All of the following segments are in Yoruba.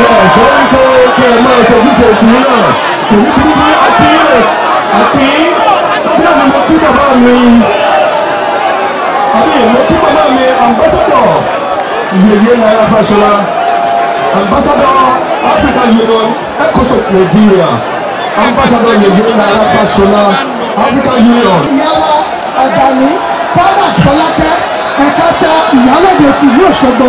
ẹ̀ṣọ́ ń fẹ́ kí ẹ máa ṣe ojúṣe ìtìlú náà tòun kí ní àti àti bí àmì mo kí ambassador Yèyé Náírà ambassador African Union ECOSOC Nigeria ambassador Yèyé Náírà African Union. ìyáwó ọ̀gá mi sábà fọlákẹ́ ẹ̀ka tẹ ìyálòde tìlú Òṣogbo.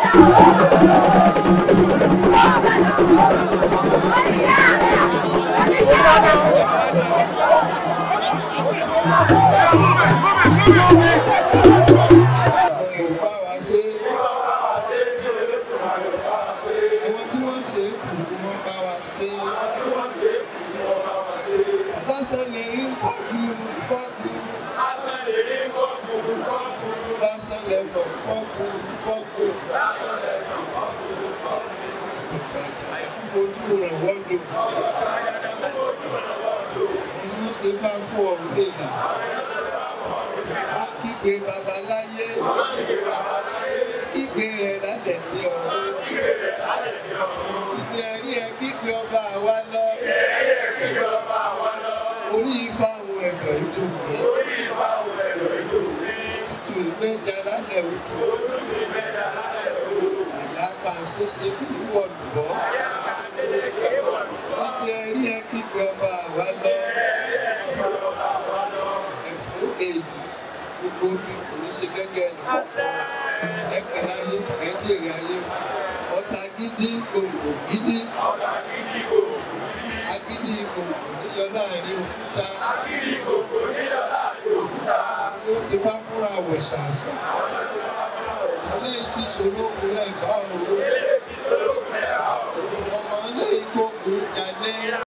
Lásán lè rí nǹkan gbúrú. Lásán lè mọ̀ nǹkan gbúrú. fojú rẹ̀ wọ́dò ló ṣe máa ń fún ọ̀run lè nà á kígbe babaláyé kígbe rẹ̀ látẹ̀lé ọ̀run ìdí ẹ̀rí ẹ kígbe ọba àwa lọ orí ifá ohun ẹ̀dọ̀ ìdògbé tútù ìgbẹ́jà lálẹ́ odò àyà apá ń ṣe ṣe bí ìwọ̀lùbọ́ gbé ọba àwa lọ ẹ̀fún èjì gbogbo bí kò ní ṣe gẹ́gẹ́ ẹnìkọ̀ọ̀kan ẹ̀kan láyé ẹ̀jẹ̀rẹ̀ ayé ọ̀tá gidi gbòǹgbò gidi agídí gbòǹgbò níyọ láàrin òkúta ló ti bá fúnra wọ̀ ṣàṣà ilé ìtìsọ̀ ló kúrẹ́ ìbá òun.